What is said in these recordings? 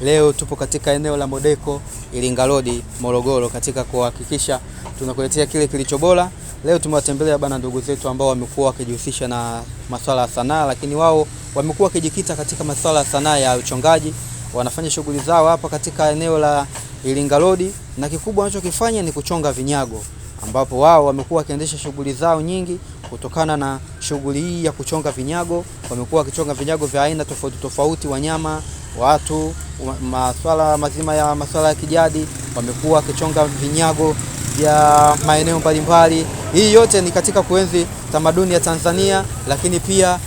Leo tupo katika eneo la Modeko Ilinga Road Morogoro, katika kuhakikisha tunakuletea kile kilicho bora. Leo tumewatembelea bana ndugu zetu ambao wamekuwa wakijihusisha na masuala ya sanaa, lakini wao wamekuwa wakijikita katika masuala ya sanaa ya uchongaji. Wanafanya shughuli zao hapa katika eneo la Ilinga Road, na kikubwa wanachokifanya ni kuchonga vinyago, ambapo wao wamekuwa wakiendesha shughuli zao nyingi kutokana na shughuli hii ya kuchonga vinyago. Wamekuwa wakichonga vinyago vya aina tofauti tofauti, wanyama watu maswala mazima ya maswala ya kijadi wamekuwa wakichonga vinyago vya maeneo mbalimbali. Hii yote ni katika kuenzi tamaduni ya Tanzania, lakini pia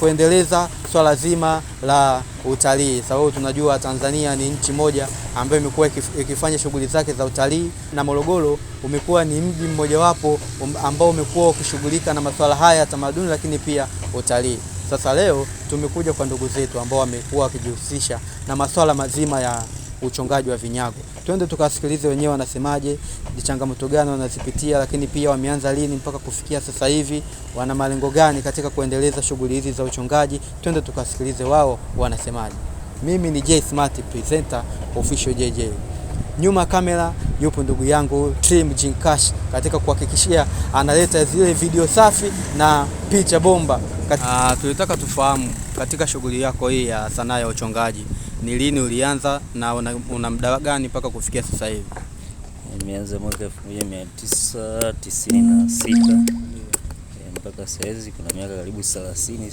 kuendeleza swala zima la utalii, sababu tunajua Tanzania ni nchi moja ambayo imekuwa ikifanya shughuli zake za utalii, na Morogoro umekuwa ni mji mmojawapo um, ambao umekuwa ukishughulika na masuala haya ya tamaduni, lakini pia utalii. Sasa leo tumekuja kwa ndugu zetu ambao wamekuwa wakijihusisha na masuala mazima ya uchongaji wa vinyago. Twende tukawasikilize wenyewe wanasemaje, ni changamoto gani wanazipitia, lakini pia wameanza lini mpaka kufikia sasa hivi, wana malengo gani katika kuendeleza shughuli hizi za uchongaji. Twende tukawasikilize wao wanasemaje. Mimi ni J Smart presenter official JJ, nyuma kamera yupo ndugu yangu Trim Jinkash katika kuhakikishia analeta zile video safi na picha bomba. Katika... Ah, tulitaka tufahamu katika shughuli yako hii ya sanaa ya uchongaji ni lini ulianza na una, una muda gani mpaka kufikia sasa hivi? Nimeanza mwaka 1996 eh, mpaka kuna miaka karibu 30 sijui.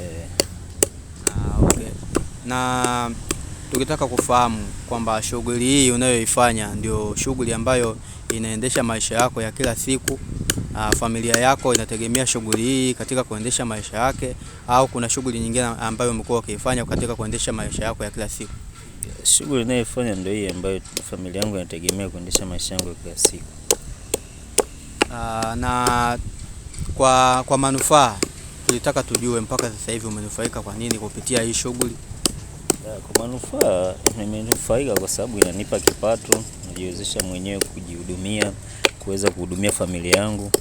Eh. Ah, okay. Na tukitaka kufahamu kwamba shughuli hii unayoifanya ndio shughuli ambayo inaendesha maisha yako ya kila siku. Aa, ah, familia yako inategemea shughuli hii katika kuendesha maisha yake, au kuna shughuli nyingine ambayo umekuwa ukiifanya katika kuendesha maisha yako ya kila siku? Shughuli ninayofanya ndio hii ambayo familia yangu inategemea kuendesha maisha yangu ya kila siku. Aa, ah, na kwa, kwa manufaa tulitaka tujue mpaka sasa hivi umenufaika kwa nini kupitia hii shughuli? Kwa manufaa, nimenufaika kwa sababu inanipa kipato, najiwezesha mwenyewe kujihudumia, kuweza kuhudumia familia yangu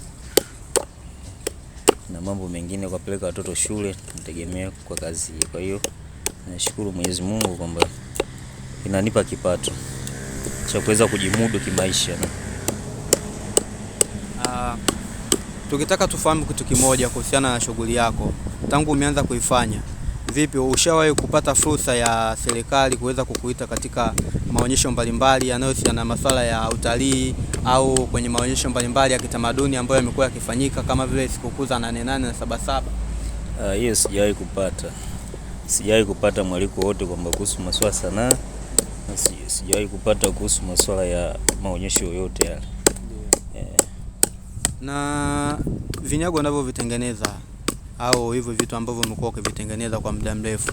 na mambo mengine, kwa watoto shule, nitegemea kwa kazi hii. Kwa hiyo nashukuru Mwenyezi Mungu kwamba inanipa kipato cha kuweza kujimudu kimaisha. Uh, tukitaka tufahamu kitu kimoja kuhusiana na shughuli yako, tangu umeanza kuifanya Vipi, ushawahi kupata fursa ya serikali kuweza kukuita katika maonyesho mbalimbali yanayohusiana na masuala ya utalii au kwenye maonyesho mbalimbali ya kitamaduni ambayo yamekuwa yakifanyika kama vile sikukuu za nane nane na sabasaba saba? Ah, hiyo sijawahi kupata, sijawahi kupata mwaliko wote kwamba kuhusu masuala sanaa, sijawahi kupata kuhusu masuala ya maonyesho yoyote yale yeah. yeah. na vinyago unavyovitengeneza au hivyo vitu ambavyo umekuwa ukivitengeneza kwa muda mrefu,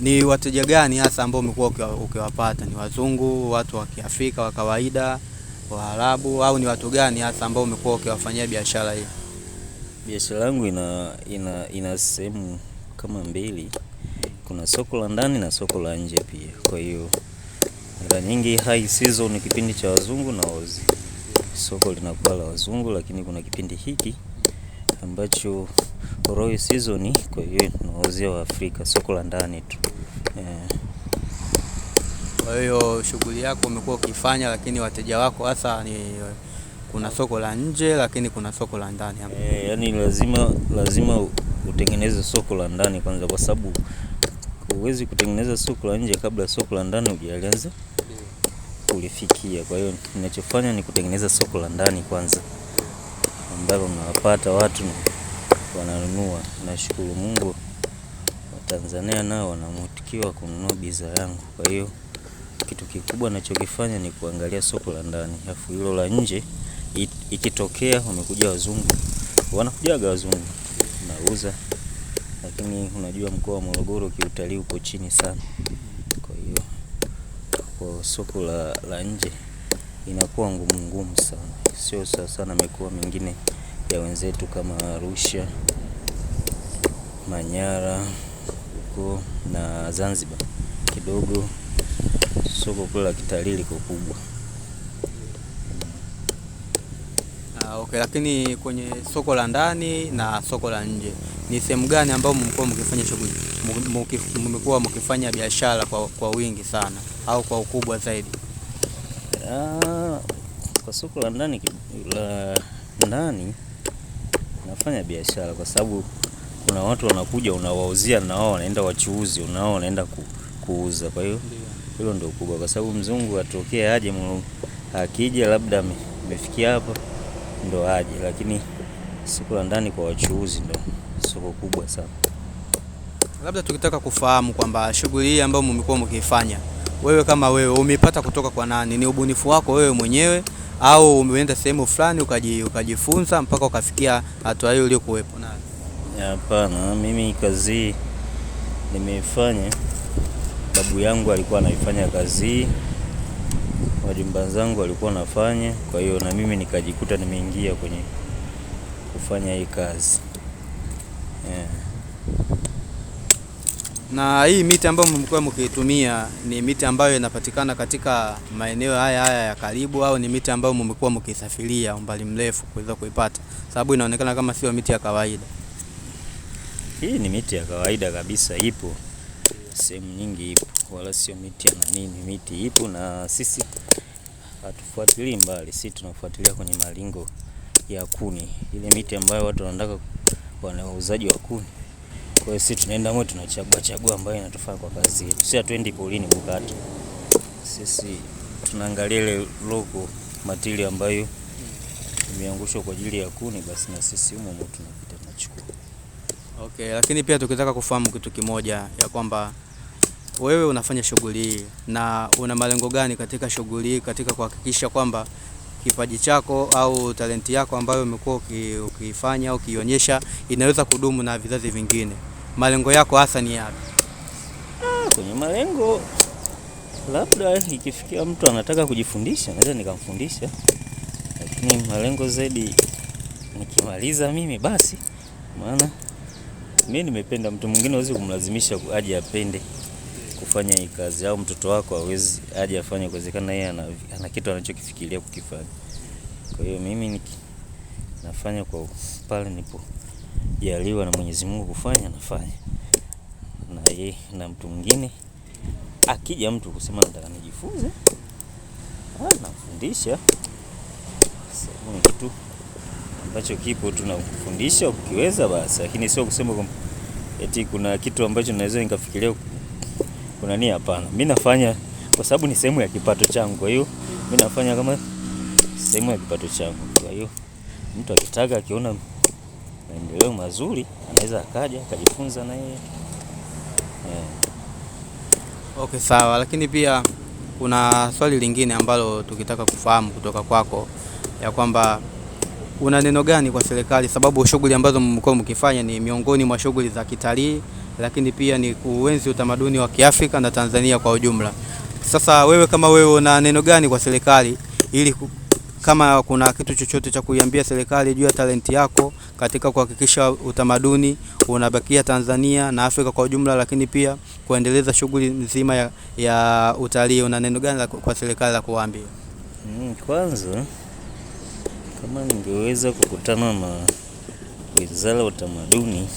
ni wateja gani hasa ambao umekuwa ukiwapata? Ni wazungu, watu wa Kiafrika wa kawaida, Waarabu, au ni watu gani hasa ambao umekuwa ukiwafanyia biashara hii? Biashara yangu ina ina, ina sehemu kama mbili, kuna soko la ndani na soko la nje pia. Kwa hiyo mara nyingi high season ni kipindi cha wazungu na Ozi, soko linakuwa la wazungu, lakini kuna kipindi hiki ambacho koroi season, kwa hiyo tunawauzia Waafrika soko la ndani tu yeah. Kwa hiyo shughuli yako umekuwa ukifanya, lakini wateja wako hasa ni kuna soko la nje, lakini kuna soko la ndani yeah, yani lazima lazima utengeneze soko la ndani kwanza, kwa sababu huwezi kutengeneza soko la nje kabla soko la ndani hujaanza kulifikia. Kwa hiyo ninachofanya ni kutengeneza soko la ndani kwanza, ambapo mnawapata watu na wananunua. Nashukuru Mungu, Watanzania nao wanamutikiwa kununua bidhaa yangu. Kwa hiyo kitu kikubwa nachokifanya ni kuangalia soko la ndani, afu hilo la nje ikitokea wamekuja wazungu, wanakujaga wazungu, nauza. Lakini unajua mkoa wa Morogoro kiutalii uko chini sana, kwa hiyo kwa soko la, la nje inakuwa ngumu ngumu sana, sio sawa sana mikoa mingine ya wenzetu kama Arusha. Manyara huko na Zanzibar kidogo soko kule la kitalii liko kubwa. Ah, okay, lakini kwenye soko la ndani na soko la nje ni sehemu gani ambayo mmekuwa mkifanya shughuli, mmekuwa mkifanya biashara kwa, kwa wingi sana au kwa ukubwa zaidi? Uh, kwa soko la ndani la ndani nafanya biashara kwa sababu kuna watu wanakuja unawauzia, na wao wanaenda wachuuzi, wao wanaenda ku, kuuza. Kwa hiyo hilo ndio kubwa, kwa sababu mzungu atokee aje, akija labda amefikia hapa ndo aje, lakini soko la ndani kwa wachuuzi ndo soko kubwa sana. Labda tukitaka kufahamu kwamba shughuli hii ambayo mmekuwa mkifanya, wewe kama wewe umepata kutoka kwa nani? Ni ubunifu wako wewe mwenyewe au umeenda sehemu fulani ukajifunza mpaka ukafikia hatua hiyo uliokuwepo nayo? Hapana, mimi kazi hii nimeifanya, babu yangu alikuwa anaifanya kazi hii, zangu walikuwa wanafanya, kwa hiyo na mimi nikajikuta nimeingia kwenye kufanya hii kazi yeah. Na hii miti ambayo mmekuwa mkiitumia ni miti ambayo inapatikana katika maeneo haya haya ya karibu, au ni miti ambayo mmekuwa mkisafiria umbali mrefu kuweza kuipata? Sababu inaonekana kama sio miti ya kawaida. Hii ni miti ya kawaida kabisa, ipo sehemu nyingi, ipo wala sio miti ya nini. Miti ipo na sisi hatufuatilii mbali, sisi tunafuatilia kwenye malingo ya kuni, ile miti ambayo watu wanataka, wana wauzaji wa kuni. Kwa hiyo sisi tunaenda mwe, tunachagua chagua ambayo inatufaa kwa kazi yetu. Sisi hatuendi polini kukata, sisi tunaangalia ile logo matili ambayo imeangushwa kwa ajili ya kuni, basi na sisi humo tunapita. Okay, lakini pia tukitaka kufahamu kitu kimoja ya kwamba wewe unafanya shughuli hii na una malengo gani katika shughuli hii, katika kuhakikisha kwamba kipaji chako au talenti yako ambayo umekuwa ukiifanya au ukionyesha inaweza kudumu na vizazi vingine, malengo yako hasa ni yapi? Ah, kwenye malengo labda ikifikia mtu anataka kujifundisha naweza nikamfundisha, lakini malengo zaidi nikimaliza mimi basi maana mimi nimependa. Mtu mwingine hawezi kumlazimisha aje apende kufanya hii kazi, au mtoto wako hawezi aje afanye, kuwezekana yeye ana, ana kitu anachokifikiria kukifanya. Kwa hiyo mimi niki, nafanya kwa pale nilipojaliwa na Mwenyezi Mungu kufanya, nafanya na yeye na mtu mwingine akija mtu kusema nataka nijifunze, nafundisha, sasa ni kitu ambacho kipo tunakufundisha ukiweza basi, lakini sio kusema kwamba eti kuna kitu ambacho naweza nikafikiria kuna nini. Hapana, mimi nafanya kwa sababu ni sehemu ya kipato changu, kwa hiyo mimi nafanya kama sehemu ya kipato changu. Kwa hiyo mtu akitaka akiona maendeleo mazuri anaweza akaja akajifunza na yeye yeah. Okay, sawa. Lakini pia kuna swali lingine ambalo tukitaka kufahamu kutoka kwako ya kwamba una neno gani kwa serikali, sababu shughuli ambazo mmekuwa mkifanya ni miongoni mwa shughuli za kitalii, lakini pia ni kuenzi utamaduni wa Kiafrika na Tanzania kwa ujumla. Sasa wewe kama wewe una neno gani kwa serikali ili kama kuna kitu chochote cha kuiambia serikali juu ya talenti yako katika kuhakikisha utamaduni unabakia Tanzania na Afrika kwa ujumla, lakini pia kuendeleza shughuli nzima ya, ya utalii, una neno gani kwa serikali la kuwaambia? Mm, kwanza kama ningeweza kukutana na wizara ya utamaduni,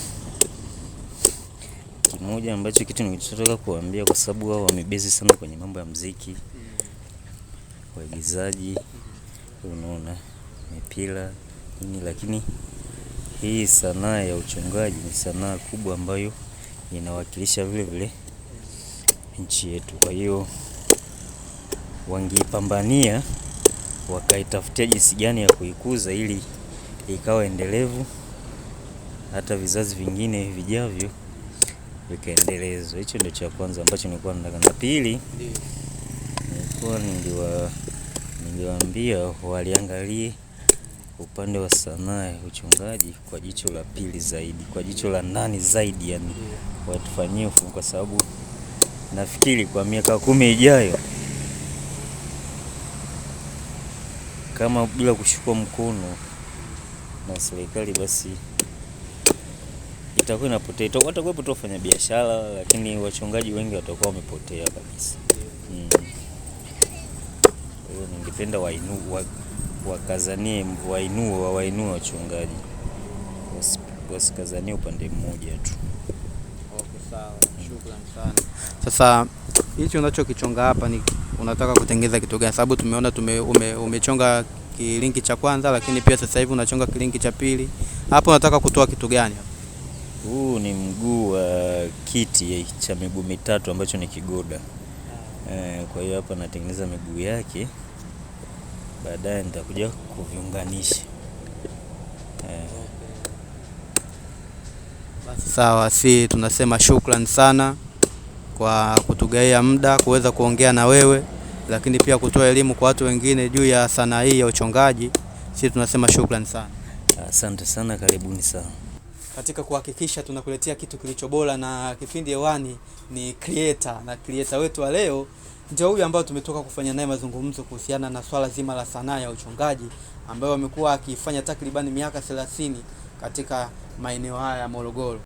kimoja ambacho kitu nilichotaka kuambia, kwa sababu wao wamebezi sana kwenye mambo ya mziki waigizaji, unaona mipira nini, lakini hii sanaa ya uchongaji ni sanaa kubwa ambayo inawakilisha vile vile nchi yetu. Kwa hiyo wangeipambania wakaitafutia jinsi gani ya kuikuza ili ikawa endelevu, hata vizazi vingine vijavyo vikaendelezwa. Hicho ndio cha kwanza ambacho nilikuwa nataka, na pili nilikuwa niliwa niliwaambia waliangalie upande wa sanaa uchungaji kwa jicho la pili zaidi, kwa jicho la ndani zaidi, yani watufanyie, kwa sababu nafikiri kwa miaka kumi ijayo kama bila kushikwa mkono na serikali, basi itakuwa inapotea. Watakuwepo tu wafanya biashara, lakini wachungaji wengi watakuwa wamepotea kabisa. Hmm. Kwa hiyo hmm, ningependa wakazanie wainue wawainue wachungaji wasikazanie upande mmoja tu. Okay, sawa. Shukrani sana. Sasa hicho unachokichonga hapa ni unataka kutengeneza kitu gani, sababu tumeona tume, ume, umechonga kilinki cha kwanza, lakini pia sasa hivi unachonga kilinki cha pili. Hapo unataka kutoa kitu gani? Huu ni mguu wa uh, kiti cha miguu mitatu ambacho ni kigoda uh, kwa hiyo hapa natengeneza miguu yake, baadaye nitakuja kuviunganisha uh. Sawa, si tunasema shukrani sana kwa kutugaia muda kuweza kuongea na wewe, lakini pia kutoa elimu kwa watu wengine juu ya sanaa hii ya uchongaji. Sisi tunasema shukrani sana, asante sana, karibuni sana. Katika kuhakikisha tunakuletea kitu kilicho bora na kipindi hewani ni creator, na creator wetu wa leo ndio huyu ambaye tumetoka kufanya naye mazungumzo kuhusiana na swala zima la sanaa ya uchongaji ambayo amekuwa akifanya takribani miaka 30 katika maeneo haya ya Morogoro.